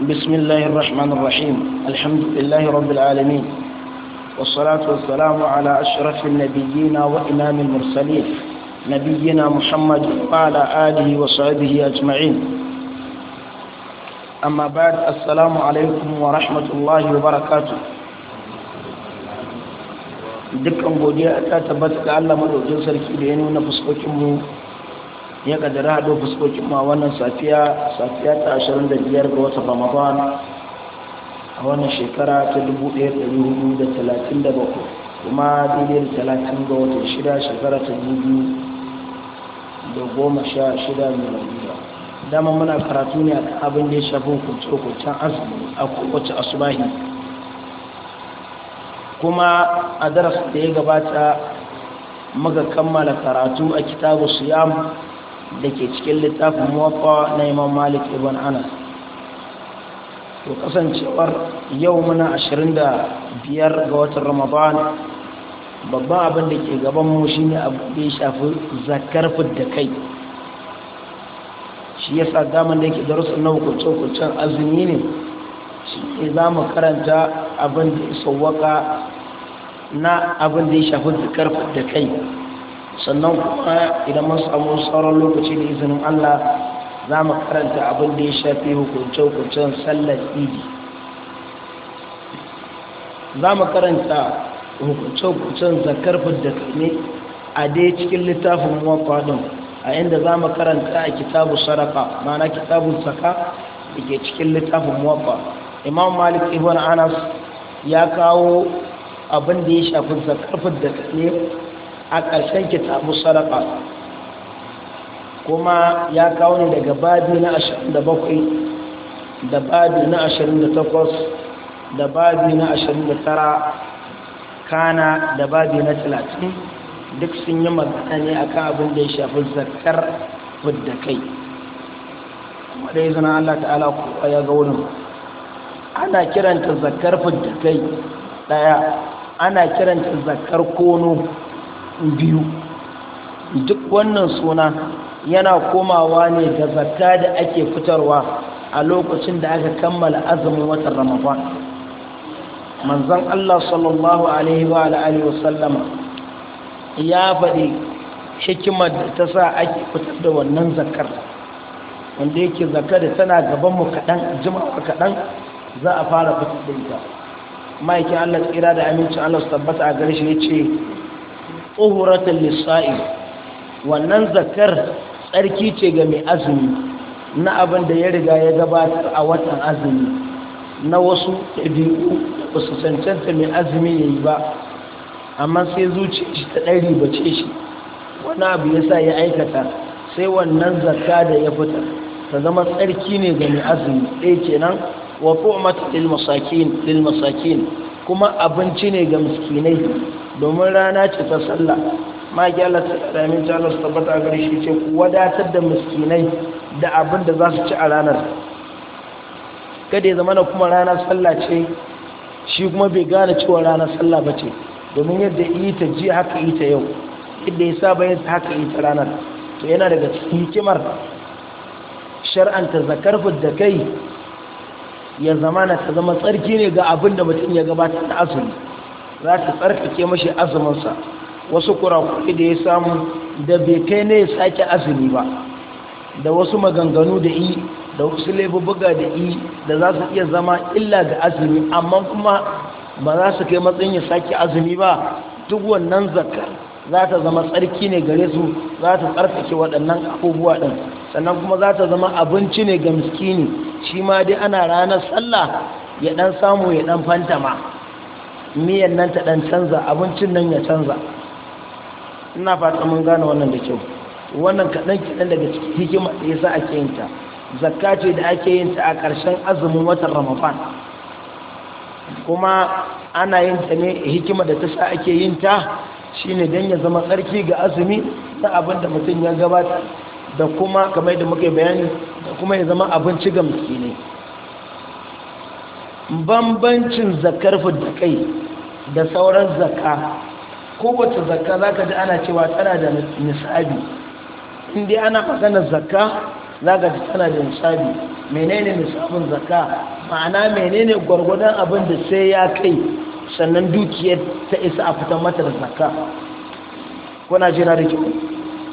بسم الله الرحمن الرحيم الحمد لله رب العالمين والصلاة والسلام على أشرف النبيين وإمام المرسلين نبينا محمد وعلى آله وصحبه أجمعين أما بعد السلام عليكم ورحمة الله وبركاته دكم بودي أتا تبتك ga Allah madaukin sarki da ya kaddara haɗo fuskokin ma wannan safiya safiya ta 25 ga wata ramadan a wannan shekara ta 1437 kuma daidai da 30 ga wata shida shekara ta 2016 miladiya dama muna karatu ne a abin da ya shafi hukuncin hukuncen azumi a kowace asubahi kuma a darasa da ya gabata muka kammala karatu a kitabu siyam da ke cikin littafin mawaƙa na imam malik ibn anas to kasancewar yau muna ashirin da biyar ga watan ramadan babban abin da ke gaban mu ne abu da ya shafi zakar fidda kai shi ya sa daman da yake darussan na hukuncin azumi ne shi ne za mu karanta abin da ya sauwaka na abin da ya shafi zakar fidda kai sannan kuma idan mun samu sauran lokaci da izinin Allah za mu karanta abin da ya shafi hukunce-hukuncen sallar idi za mu karanta hukunce-hukuncen zakar da ne a dai cikin littafin wakwadon a inda za mu karanta a kitabu sarafa, mana kitabun saka da ke cikin littafin wakwa imam malik ibn anas ya kawo abin da ya shafi zakar da ne a ƙarshen kitabu sadaka kuma ya kawo ne daga babi na 27 da babi na 28 da babi na 29 kana da babi na 30 duk sun yi magana ne a kan abin da ya shafi zakar fidda kai kuma da zana Allah ta'ala kowa ya ga wurin ana kiranta zakar fidda kai daya ana kiranta zakar kono biyu duk wannan suna yana komawa ne da zakka da ake fitarwa a lokacin da aka kammala azumin watan ramadan manzon Allah sallallahu alaihi wa alihi wasallama ya faɗi hikimar da ta sa ake fitar da wannan zakkar wanda yake zakar da tana gaban mu kaɗan jima'a kaɗan za a fara fitar da ita ma'aikin Allah tsira da amincin Allah su tabbata a gare shi ce tsohuratan lissa'i wannan zakar tsarki ce ga mai azumi na abin da ya riga ya gabatar a watan azumi na wasu ɗabi'u ba su cancanta mai azumi ya yi ba amma sai zuci shi ta ɗari ba ce shi wani abu ya sa ya aikata sai wannan zakka da ya fita, ta zama tsarki ne ga mai azumi ɗaya kenan wa ko mata masakin kuma abinci ne ga miskinai domin rana ce ta sallah maki Allah ta ramin ta Allah su tabbata a gari shi ce wadatar da miskinai da abin da za su ci a ranar kada ya zama kuma rana sallah ce shi kuma bai gane cewa ranar sallah ba ce domin yadda yi ta ji haka yi ta yau yadda ya saba yin haka yi ta ranar to yana daga cikin hikimar shar'anta zakar da kai ya zama na ta zama tsarki ne ga abin da mutum ya gabatar da azumi za ka tsarkake mashi azuminsa wasu kurakuri da ya samu da bai kai ne ya sake azumi ba da wasu maganganu da yi da wasu laifubbuga da yi da za su iya zama illa ga azumi amma kuma ba za su kai matsayin ya sake azumi ba duk wannan zakar za ta zama tsarki ne gare su za ta tsarkake waɗannan abubuwa ɗin sannan kuma za ta zama abinci ne ga miskini shi ma dai ana ranar sallah ya ɗan samu ya ɗan fantama miyan nan ta dan canza abincin nan ya canza ina fata mun gane wannan da kyau wannan kaɗan kaɗan daga cikin hikima da yasa ake yin ta zakka da ake yin ta a ƙarshen azumin watan ramadan kuma ana yin ta ne hikima da ta sa ake yin ta shine dan ya zama tsarki ga azumi na abin da mutum ya gabata da kuma kamar yadda muka bayani da kuma ya zama abinci ga miskinai bambancin zakar da kai da sauran zakka kowace zakka za ka ji ana cewa tana da nisabi inda ana magana zakka za ka ji tana da nisabi menene nisabin zakka ma'ana menene gwargwadon abin da sai ya kai sannan dukiyar ta isa a fitan mata da zakka kuna jira da kyau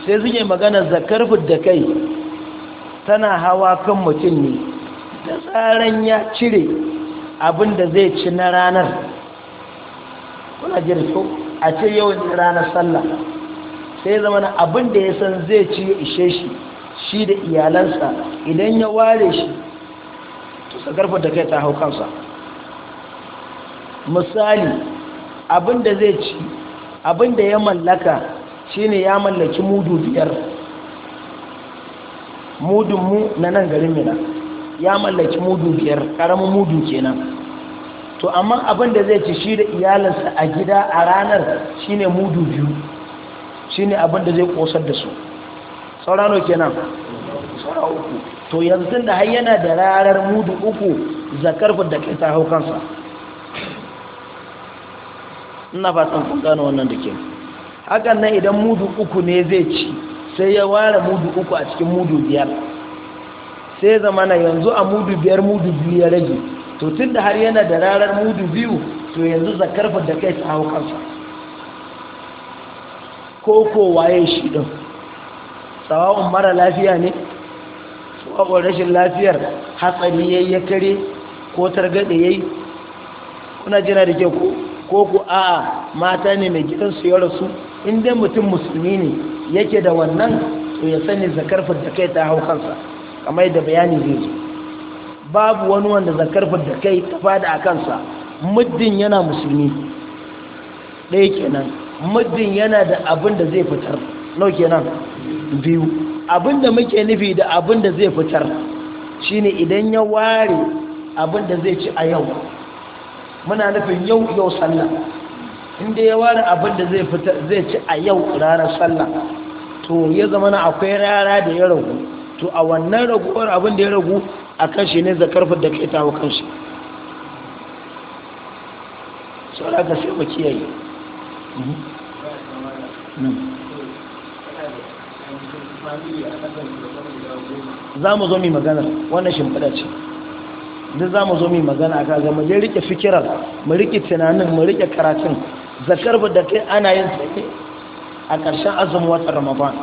sai suke magana zakkar da kai tana hawa kan mutum ne da tsaron ya cire abin da zai ci na ranar kuna jira a ce yau ne ranar sallah sai zama na abin da ya san zai ci ya ishe shi shi da iyalansa idan ya ware shi to sagarfa da kai ta hau kansa misali abin da zai ci abin da ya mallaka shine ya mallaki mudu biyar mudunmu na nan garin mina ya mallaki mudu biyar ƙaramin mudu kenan to amma abin da zai ci shi da iyalinsa a gida a ranar shine mudu biyu Shi ne abin da zai kosar da su saurano kenan saura uku to yanzu da har da rarar mudu uku zakarfin da kai ta hau kansa ina fatan kun gano wannan da ke hakan nan idan mudu uku ne zai ci sai ya ware mudu uku a cikin mudu biyar sai zamana yanzu a mudu biyar mudu biyu ya rage to tun da har yana da rarar mudu biyu to yanzu zakar da kai ta hau kansa ko waye shi ɗin tsawon mara lafiya ne tsawon rashin lafiyar hatsari ya ya kare ko targaɗe ya kuna jina da kyau ko ku a mata ne mai gidan su ya rasu inda mutum musulmi ne yake da wannan to ya sani zakar da kai ta hau kansa kamar da bayani zai zo babu wani wanda zakar da kai ta fada a kansa muddin yana musulmi ɗaya kenan muddin yana da abin da zai fitar nau kenan biyu abin da muke nufi da abin da zai fitar shine idan ya ware abin da zai ci a yau muna nufin yau yau sallah inda ya ware abin da zai ci a yau ranar sallah to ya zama na akwai rara da ya ragu to a wannan raguwar abin da ya ragu a kan shi ne karfin da kai tawo kan shi saura ka sai mu kiyaye za mu zo mai magana wannan shimfiɗa ce duk za mu zo mai magana a kaga mu je rike fikirar mu rike tunanin mu rike karatun zakar da kai ana yin sake a ƙarshen azumin watan ramadan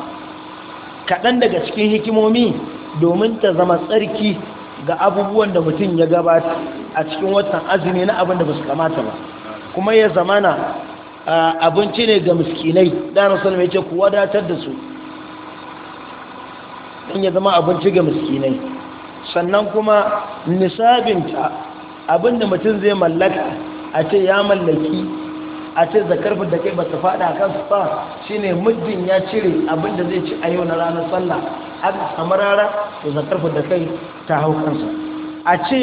kaɗan daga cikin hikimomi domin ta zama tsarki ga abubuwan da mutum ya gabata a cikin watan azumi na abin da ba su kamata ba kuma ya zamana abinci ne ga miskinai ɗan salama ya ce kuwa wadatar da su ɗan ya zama abinci ga miskinai sannan kuma nisabinta abin da mutum zai mallaka a ce ya mallaki a ce zakar da kai ba su faɗa kan su ba shine muddin ya cire abin da zai ci a yau na ranar sallah aka samarara to zakar da kai ta hau kansa a ce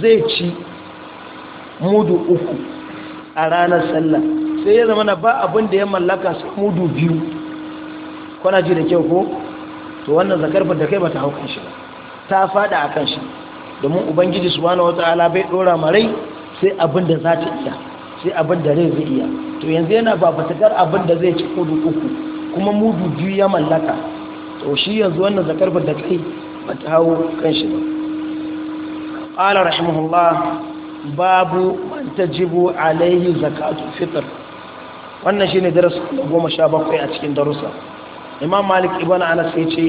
zai ci mudu uku a ranar sallah sai ya zama na ba abin da ya mallaka su mudu biyu kwana ji da kyau ko to wannan zakar da kai ba ta hau kanshi ba ta fada a kanshi domin ubangiji su wata wataala bai dora marai sai abin da za ta iya sai abin da rai zai iya to yanzu yana ba fatakar abin da zai ci kudu uku kuma mudu biyu ya mallaka to shi yanzu wannan zakar ba da kai ba ta hau kanshi shi ba qala rahimahullah babu man tajibu alaihi zakatu fitr wannan shine darasi goma sha bakwai a cikin darussa imam malik ibn anas ya ce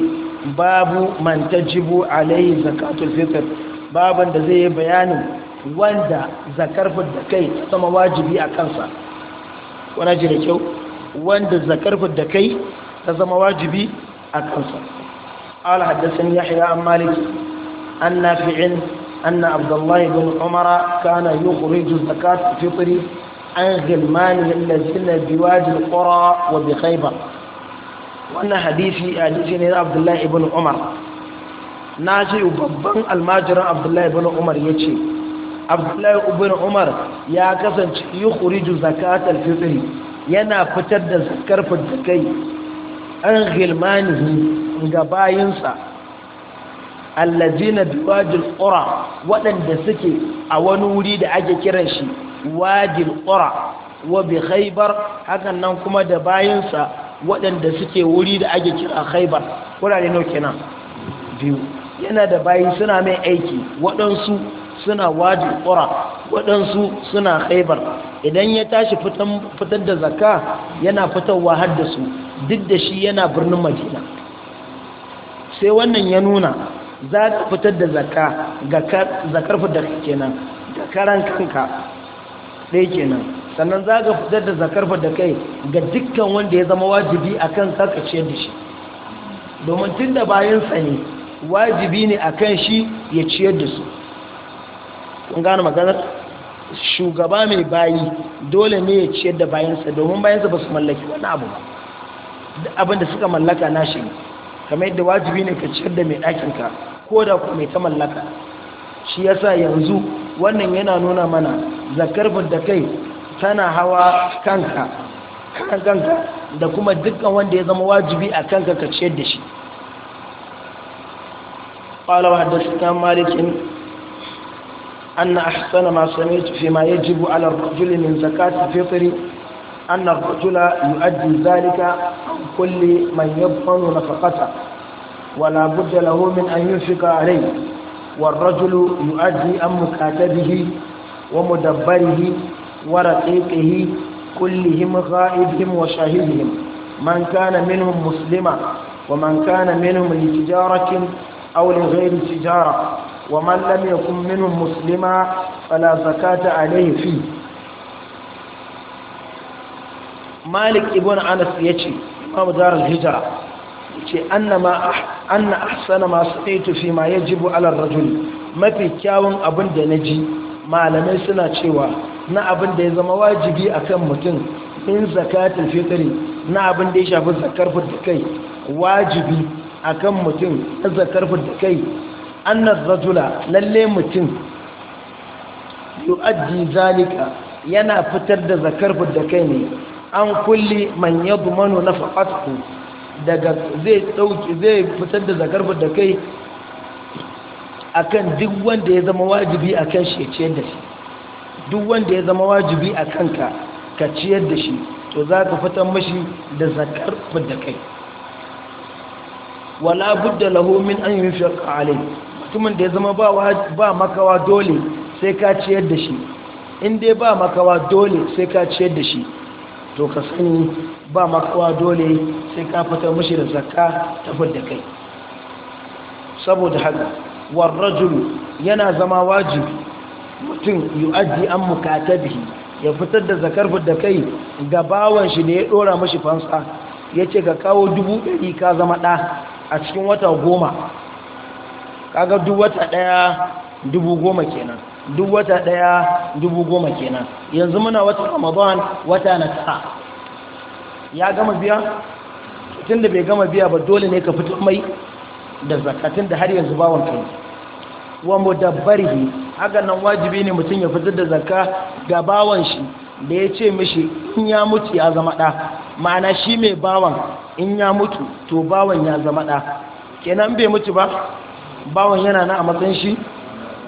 babu man tajibu alaihi zakatul fitr baban da zai yi bayanin wanda zakar da kai sama wajibi a kansa wani ji da kyau wanda zakar da kai ta zama wajibi أكنسا قال حدثني يحيى عن مالك أن نافع أن عبد الله بن عمر كان يخرج زكاة الفطر عن غلمانه الذين بوادي القرى وبخيبر wannan hadisi hadisi ne na abdullahi ibn umar na ce babban almajirin abdullahi ibn umar ya ce abdullahi ibn umar ya kasance yi kuriju zakatar fitri yana fitar da zakar kai. an gilmanihi ga bayinsa allazina biwajil qura waɗanda suke a wani wuri da ake kiran shi wajil qura wa bi khaybar hakan nan kuma da bayinsa waɗanda suke wuri da ake kira khaybar kurare nau kenan biyu yana da bayi suna mai aiki waɗansu suna wajil qura waɗansu suna khaybar idan ya tashi fitar da zakka yana fitarwa har da su duk da shi yana birnin madina sai wannan ya nuna za ka fitar da zakka zakar fitar kenan ga karan kanka sai kenan sannan za ka fitar da zakar da kai ga dukkan wanda ya zama wajibi a kan ciyar da shi domin tun da bayansa ne wajibi ne a shi ya ciyar da su kun gane maganar shugaba mai bayi dole ne ya ciyar da bayansa domin bayansa ba su mallaki wani abu ba duk abin da suka mallaka na shi kamar yadda wajibi ne ka ciyar da mai ɗakinka ko da ku mai ta mallaka shi yasa yanzu wannan yana nuna mana zakar da kai tana hawa kanka kan kanka da kuma dukkan wanda ya zama wajibi a kanka ka ciyar da shi قال وحدثنا مالك أن أحسن ما سمعت فيما يجب على الرجل من زكاة الفطر أن الرجل يؤدي ذلك كل من يبطل نفقته ولا بد له من أن ينفق عليه والرجل يؤدي أم مكاتبه ومدبره ورقيقه كلهم غائبهم وشاهدهم من كان منهم مسلما ومن كان منهم لتجارة أو لغير تجارة ومن لم يكن منهم مسلما فلا زكاة عليه فيه malik ibn anas ya ce imamu darar hijira ce anna ahsana ma saitu fi ma ya yajibu ala rajul mafi kyawun abin da na ji malamai suna cewa na abin da ya zama wajibi akan mutum in zakatul fitri na abin da ya shafi zakar da kai wajibi akan mutum na zakar da kai annar rajula lalle mutum yu'addi zalika yana fitar da zakar da kai ne an kulli man na nafaqatuhu daga zai ɗauki zai fitar da zakar da kai a kan duk wanda ya zama wajibi a kan shi ya ciyar da shi duk wanda ya zama wajibi a kanka ka ciyar da shi to za ka fitar mashi da zakar da kai wala budda lahu min an yunfiqa ala'i. mutumin da ya zama ba ba makawa dole sai ka ciyar da shi in dai ba makawa dole sai ka ciyar da shi to ka sani ba makawa dole sai ka fitar mashi da zakka ta fadda kai saboda haka warrajul yana zama wajibi mutum yu'addi an mukatabihi ya fitar da zakar fadda kai ga bawan shi da ya dora mashi fansa ya ce ka kawo dubu ka zama ɗa a cikin wata goma kaga duk wata ɗaya dubu goma kenan duk wata ɗaya dubu goma kenan yanzu muna wata ramadan wata na ta ya gama biya tun da bai gama biya ba dole ne ka fito mai da zakatun da har yanzu bawon kai wa mudabbarihi haka nan wajibi ne mutum ya fitar da zakka ga bawon shi da ya ce mishi in ya mutu ya zama ɗa ma'ana shi mai bawan in ya mutu to bawan ya zama ɗa kenan bai mutu ba bawan yana na a matsayin shi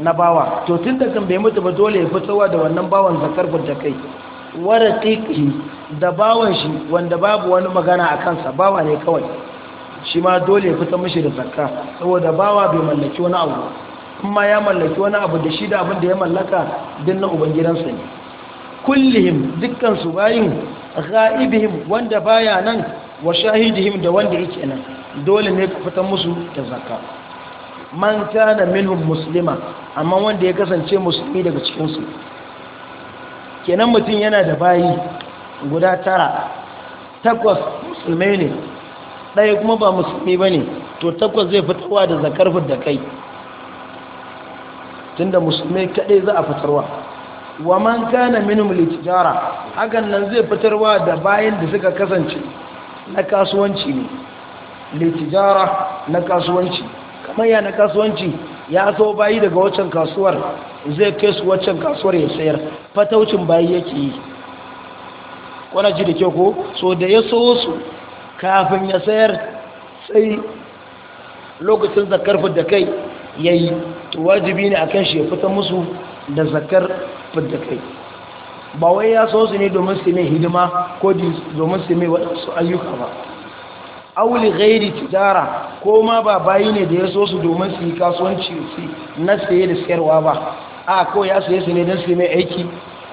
na bawa to tun da kan bai mutu ba dole ya fitowa da wannan bawan zakar gunta kai tiki da bawan shi wanda babu wani magana a kansa bawa ne kawai shi ma dole ya fita mishi da zakka saboda bawa bai mallaki wani abu kuma ya mallaki wani abu da shi da abin da ya mallaka din na ubangidansa ne kullihim dukkan su bayin ghaibihim wanda baya nan wa shahidihim da wanda yake nan dole ne ku fita musu da zakka man kana minhum muslima amma wanda ya kasance musulmi daga cikinsu kenan mutum yana da bayi guda tara takwas musulmai ne ɗaya kuma ba musulmi ba ne to takwas zai fitarwa da zakarfin da kai tunda musulmai kaɗai za a fitarwa wa man kana minhum litijara hakan nan zai fitarwa da bayan da suka kasance na kasuwanci ne litijara na kasuwanci manya na kasuwanci ya so bayi daga waccan kasuwar zai kai su waccan kasuwar ya sayar fataucin bayi yake yi wana ji da kyau ko so da ya so su kafin ya sayar sai lokacin zakar fidda kai ya yi wajibi ne a kan shi ya fita musu da zakar fidda kai ba wai ya so su ne domin su mai hidima ko domin su mai waɗansu ayyuka ba auli gairi tijara ko ma ba bayi ne da ya so su domin su yi kasuwanci su na saye da sayarwa ba a ko ya saye su ne don su mai aiki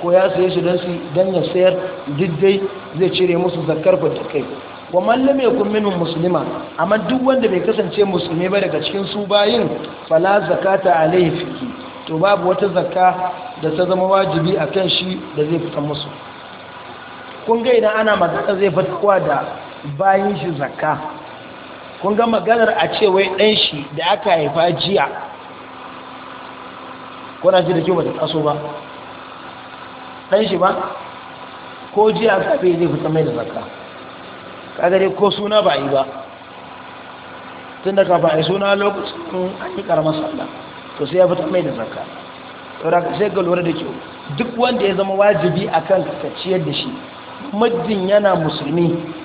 ko ya saye su don su don ya sayar diddai zai cire musu zakar ba kai wa mallame kun minhum musulma amma duk wanda bai kasance musulmi ba daga cikin su bayin fala zakata alaihi fiki to babu wata zakka da ta zama wajibi a kan shi da zai fita musu kun ga idan ana magana zai fatawa da bayan shi zakka kun ga maganar a ce wai ɗan shi da aka haifa jiya kuna ji da kyau bata kaso ba ɗan shi ba ko jiya aka bai zai fita mai da zakka kagare ko suna ba yi ba tun da kafa a suna lokacin an yi karamar sanda to sai ya fi mai da zakka saboda sai ga lura da kyau duk wanda ya zama wajibi akan ka ciyar da shi muddin yana musulmi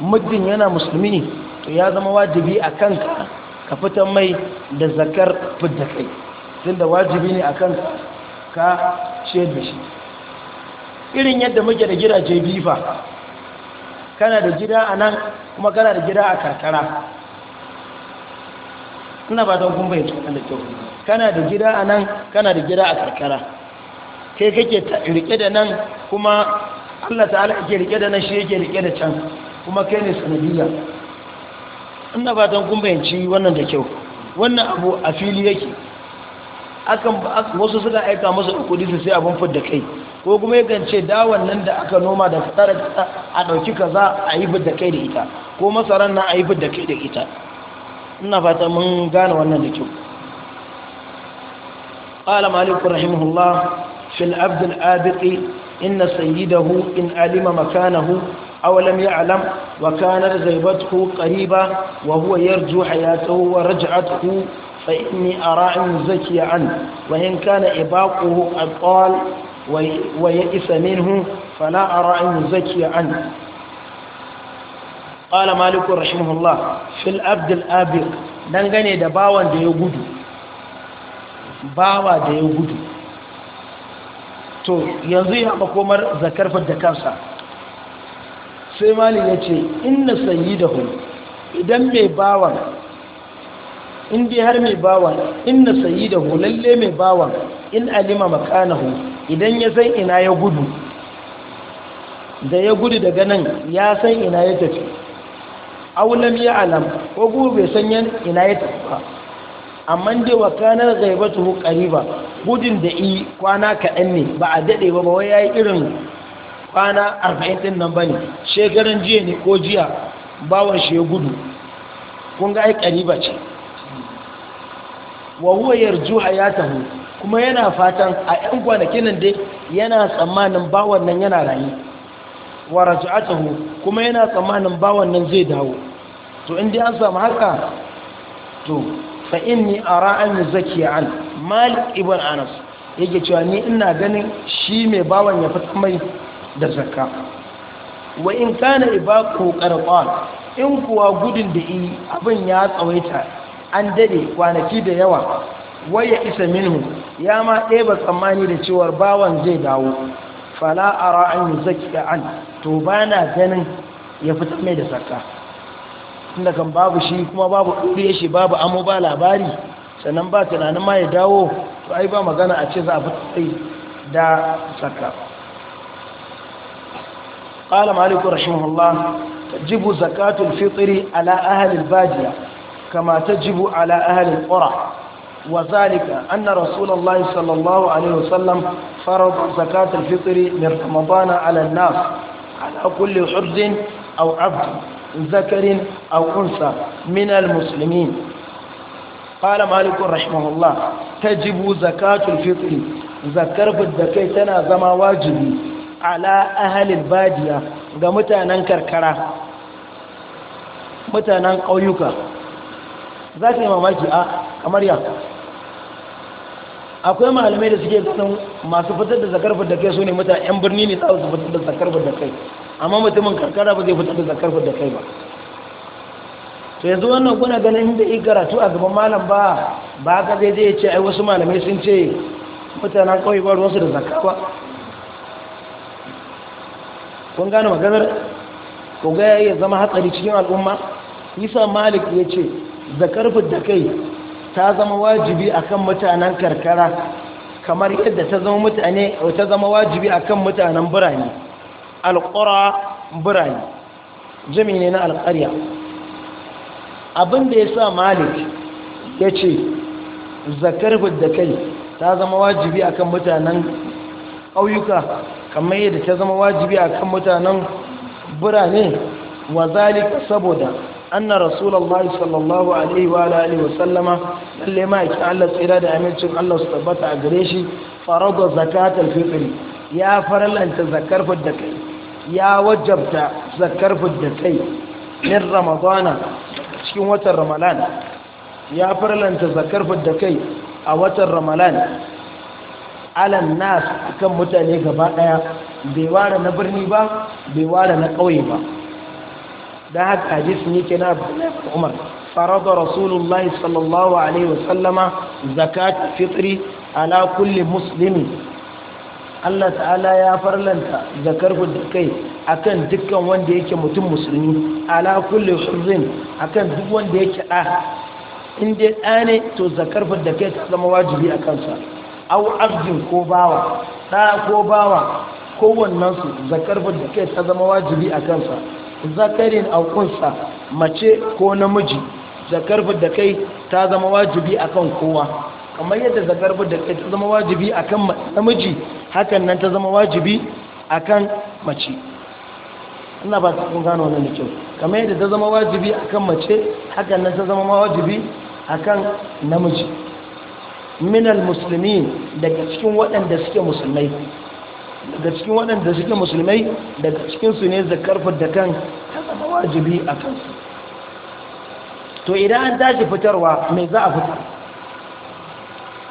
muddin yana musulmi ne to ya zama wajibi a kanka ka fitan mai da zakar fidda kai tun da wajibi ne a kanka ka ce da shi irin yadda muke da gidaje bifa kana da gida a nan kuma kana da gida a karkara ina ba don kun bayyana da kyau kana da gida a nan kana da gida a karkara kai kake rike da nan kuma Allah ala ake rike da nan shi yake rike da can kuma kai ne sanadiyya ina ba don kun bayanci wannan da kyau wannan abu a fili yake wasu suka aika masa da kudi su sai abin fidda kai ko kuma yakan ce dawon nan da aka noma da fitar a ɗauki kaza a yi fidda kai da ita ko masaran nan a yi fidda kai da ita ina fata mun gane wannan da kyau قال مالك رحمه الله في العبد الآبق إن سيده إن علم مكانه أو لم يعلم وكانت غيبته قريبة وهو يرجو حياته ورجعته فإني أرى أن زكي عنه وإن كان إباقه أبطال ويئس منه فلا أرى أن زكي عنه قال مالك رحمه الله في الأبد الآبق dangane دباوا bawan da ya gudu bawa da ya gudu sai malin ya ce inna sanyi da hun idan mai bawan indi har mai bawan inna sanyi da hun lalle mai bawan in alima makanahu idan ya san ina ya gudu da ya gudu daga nan ya san ina ya tafi aulam ya alam ko gube bai san ina ya tafi ba amma da wa kanar gaibatu ƙariba gudun da i kwana kaɗan ne ba a daɗe ba ba wai ya yi irin kwana arba'in ɗin nan ba ne shekaran jiya ne ko jiya bawan shi ya gudu kun ga aikari ba ce wa huwa yarju hayatahu kuma yana fatan a 'yan kwanakin nan dai yana tsammanin bawan nan yana rayu wa raj'atuhu kuma yana tsammanin bawan nan zai dawo to in dai an samu haka to fa inni ara an yuzaki an malik ibn anas yake cewa ni ina ganin shi mai bawan ya fita mai da zakka wa in kana ibaqu qarqan in kuwa gudun da yi abin ya tsawaita an dade kwanaki da yawa waya isa minhu ya ma ɗeba tsammani da cewar bawan zai dawo fala ara an yi an to bana ganin ya fita mai da sakka tunda kan babu shi kuma babu dure shi babu amo ba labari sannan ba tunanin ma ya dawo to ai ba magana a ce za a fita da zakka قال مالك رحمه الله تجب زكاة الفطر على أهل البادية كما تجب على أهل القرى وذلك أن رسول الله صلى الله عليه وسلم فرض زكاة الفطر من رمضان على الناس على كل حرز أو عبد ذكر أو أنثى من المسلمين قال مالك رحمه الله تجب زكاة الفطر ذكر بالدكي تنا زما واجبي ala ahalil badiya ga mutanen karkara mutanen ƙauyuka za ka yi mamaki a kamar ya akwai malamai da suke sun masu fitar da zakarfa da kai su ne mutane yan birni ne za su fitar da zakarfa da kai amma mutumin karkara ba zai fitar da zakarfa da kai ba to yanzu wannan kuna ganin da yi karatu a gaban malam ba ba ka zai zai ce ai wasu malamai sun ce mutanen ƙauyuka ba ruwansu da zakarfa kun gane maganar ko ga ya zama hatsari cikin al'umma isa malik ya ce karfi da kai ta zama wajibi akan mutanen karkara kamar yadda ta zama mutane ta zama wajibi akan mutanen birane alqura birane jami'i ne na alqarya abin da yasa malik ya ce zakar da kai ta zama wajibi akan mutanen ƙauyuka kamar yadda ta zama wajibi a kan mutanen birane wa zalika saboda anna rasulullahi sallallahu alaihi wa alihi wa sallama lalle ma yake Allah tsira da amincin Allah su tabbata a gare shi farada zakatul fitr ya faralanta zakar fidda kai ya wajabta zakar fidda kai min ramadana cikin watan ramadan ya faralanta zakar fidda kai a watan ramadan alan nas akan mutane gaba daya bai ware na birni ba bai ware na kauye ba da haka hadisi ne kenan Abdullahi Umar farada Rasulullahi sallallahu alaihi wasallama zakat fitri ala kulli muslimi Allah ta'ala ya farlanta zakar kai akan dukkan wanda yake mutum musulmi ala kulli hurrin akan duk wanda yake da in dai ɗa ne to zakar kai ta zama wajibi a kansa au abdin ko bawa da ko bawa su zakar da kai ta zama wajibi a kansa zakarin au kunsa mace ko namiji zakar da kai ta zama wajibi a kan kowa kamar yadda zakar da kai ta zama wajibi a kan namiji hakan nan ta zama wajibi a kan mace ina ba kun gano wannan ne kyau kamar yadda ta zama wajibi a kan mace hakan nan ta zama wajibi a kan namiji minal musulmi daga cikin waɗanda suke musulmai daga cikin waɗanda suke musulmai daga cikinsu ne zakar da kan ta zama wajibi a kansu to idan an daji fitarwa mai za a fita?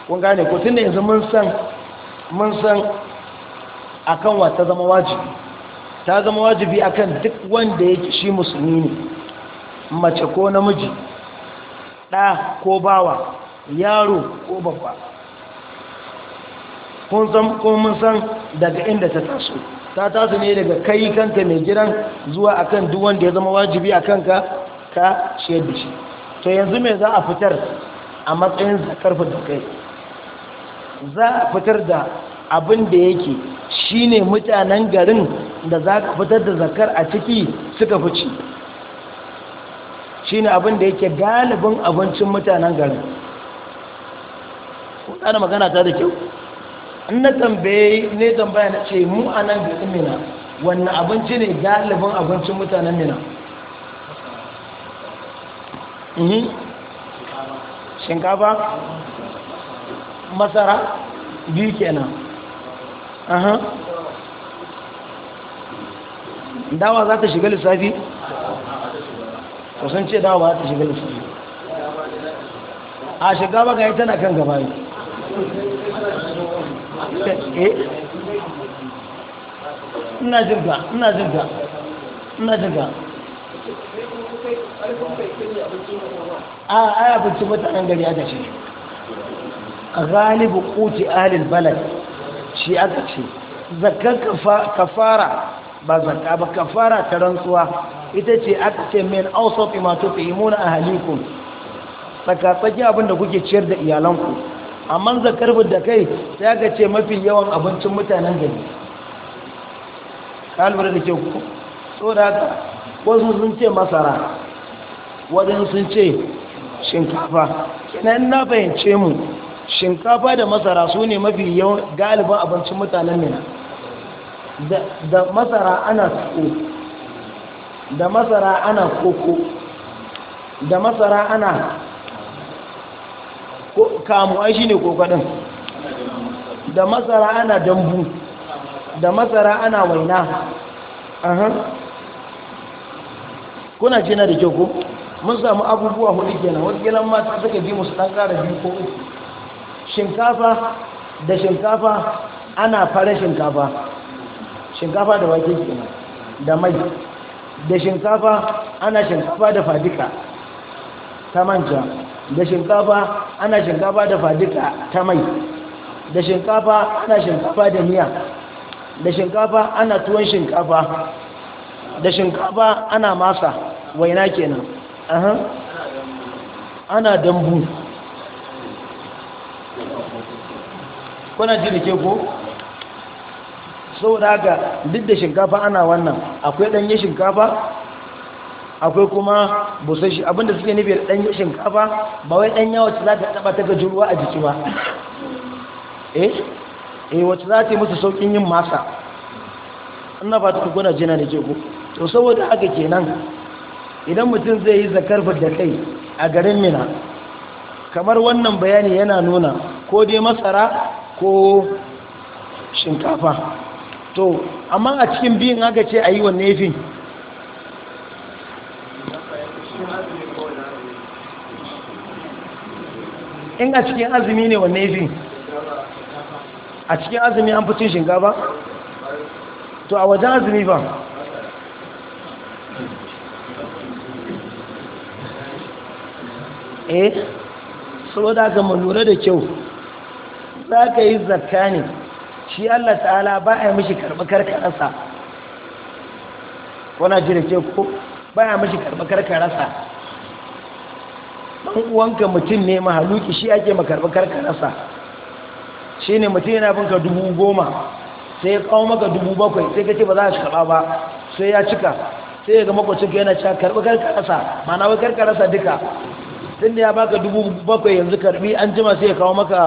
kun gane ko tun da yanzu mun san mun san akan wa ta zama wajibi ta zama wajibi akan duk wanda yake shi musulmi ne mace ko namiji ɗa ko bawa yaro ko babba kun san mun san daga inda ta taso ta taso ne daga kai kanka mai gidan zuwa akan duk wanda ya zama wajibi akan ka, ka ciyar da shi to yanzu mai za a fitar a matsayin zakar da kai za a fitar da abin da yake shine mutanen garin da za ka fitar da zakar a ciki suka Shi shine abin da yake galibin abincin mutanen garin ana magana ta da kyau in na tambaye ne tambaya na ce mu a nan garin mina wannan abinci ne galibin abincin mutanen mina mhm. shinkafa masara biyu kenan aha dawa za ta shiga lissafi? kusan ce dawa ba ta shiga lissafi a shiga baka yi tana kan gabayi Eh? ina jirga ina jirga ina jirga a ai abinci mutanen gari aka ce galibu kuti alil balad shi aka ce zakar kafara ba zakka ba kafara ta rantsuwa ita ce aka ce min ausat imatu fi imuna ahalikum tsaka tsaki abinda kuke ciyar da iyalanku amma zakar da kai sai ka ce mafi yawan abincin mutanen gari kalmar da ke ku so da haka wasu sun ce masara wadin sun ce shinkafa kenan na fahimce mu shinkafa da masara su ne mafi yawan galibin abincin mutanen mina da masara ana ko. da masara ana koko da masara ana Kamuwa shi ne kokadin da masara ana dambu da masara ana waina aha kuna jina da kyau ko mun samu abubuwa hudu kenan gilan mata suka ji musu ɗan ƙara biyu ko uku shinkafa da shinkafa ana fara shinkafa shinkafa da wake kenan da mai da shinkafa ana shinkafa da fadika ta manja da shinkafa ana shinkafa da fadika ta mai da shinkafa ana shinkafa da miya da shinkafa ana tuwon shinkafa da shinkafa ana masa waina kenan aha ana dambu kuna ji da Sau ko haka duk da shinkafa ana wannan akwai ɗanye shinkafa akwai kuma busashi abinda suke nufi da ɗanyen shinkafa ba wai ɗanya wacce za ta taɓa ta gajin ruwa a jiki ba eh eh wacce za ta yi musu sauƙin yin masa ina ba ta kuguna jina da jego to saboda haka kenan idan mutum zai yi zakar da kai a garin mina kamar wannan bayani yana nuna ko dai masara ko shinkafa to amma a cikin biyun aka ce a yi wannan yafin in a cikin azumi ne wanne yafi a cikin azumi an fitin shinkafa to a wajen azumi ba eh saboda da mu lura da kyau za ka yi zakka ne shi Allah ta'ala ba a yi mishi karɓi karkararsa wana ji da ke ko ba a mishi karɓi karkararsa ɗan uwanka mutum ne mahaluki shi ake makarbi karkararsa shi ne mutum yana binka dubu goma sai ya kawo maka dubu bakwai sai ka ce ba za a karɓa ba sai ya cika sai ya ga makwacinka yana cika karbi karkararsa mana wai karkararsa duka tun da ya baka dubu bakwai yanzu karɓi an jima sai ya kawo maka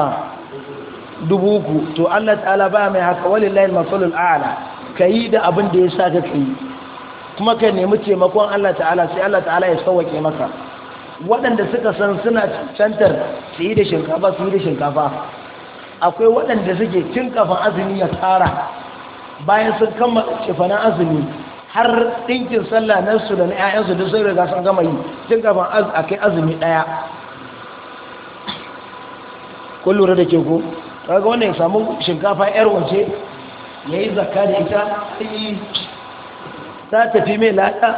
dubu uku to allah ta'ala ba mai haka walillahi masalul ala ka yi da abin da ya sa ka kai kuma ka nemi taimakon allah ta'ala sai allah ta'ala ya sauke maka waɗanda suka san suna cantar su yi da shinkafa su yi da shinkafa akwai waɗanda suke cin kafin azumi ya tsara bayan sun kama cefanen azumi har ɗinkin sallah na su da na 'ya'yansu da sun riga sun gama yi cin kafin a kai azumi ɗaya kun lura da ke ko kaga wanda ya samu shinkafa 'yar wance ya yi zakka da ita ta tafi mai lada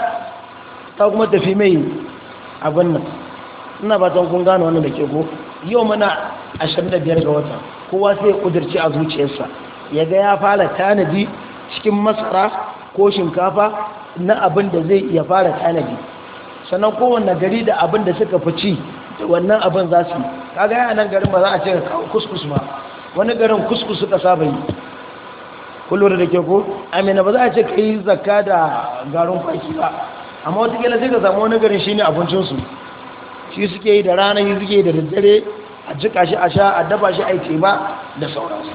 ta kuma tafi mai abin nan ina ba zan kun gano wannan da ke ko yau muna 25 ga wata kowa sai ya a zuciyarsa ya ga ya fara tanadi cikin masara ko shinkafa na abin da zai iya fara tanadi sannan kowanne gari da abin da suka fi ci wannan abin za su yi kaga yana nan garin ba za a ce ka kawo kuskus ma wani garin kuskus suka saba yi kullum da ke ko amina ba za a ce ka yi zakka da garin kwaki ba amma watakila sai ka samu wani garin shi ne abincinsu shi suke yi da rana yi suke yi da daddare a jika shi a sha a dafa shi a yi ba da sauransu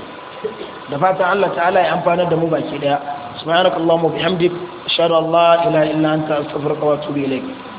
da fatan allah ta'ala ya amfana da mu baki daya subhanakallahumma bi ashhadu an la ila illa anta tsofar kawatu atubu ilayk